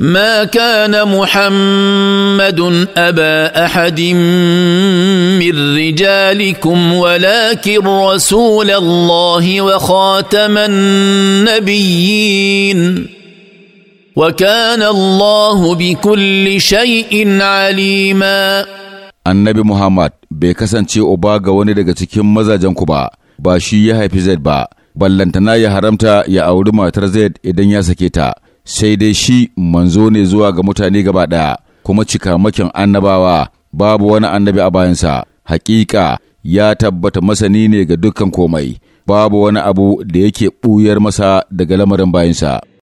ما كان محمد ابا احد من رجالكم ولكن رسول الله وخاتم النبيين وكان الله بكل شيء عليما annabi muhammad bai kasance uba ga wani daga cikin mazajenku ba ba shi ya haifi zaid ba ballantana ya haramta ya auri matar zaid idan ya sake ta sai dai shi manzo ne zuwa ga mutane gaba ɗaya kuma cikamakin annabawa babu wani annabi a bayansa hakika ya tabbata masani ne ga dukkan komai babu wani abu da yake ɓuyar masa daga lamarin bayansa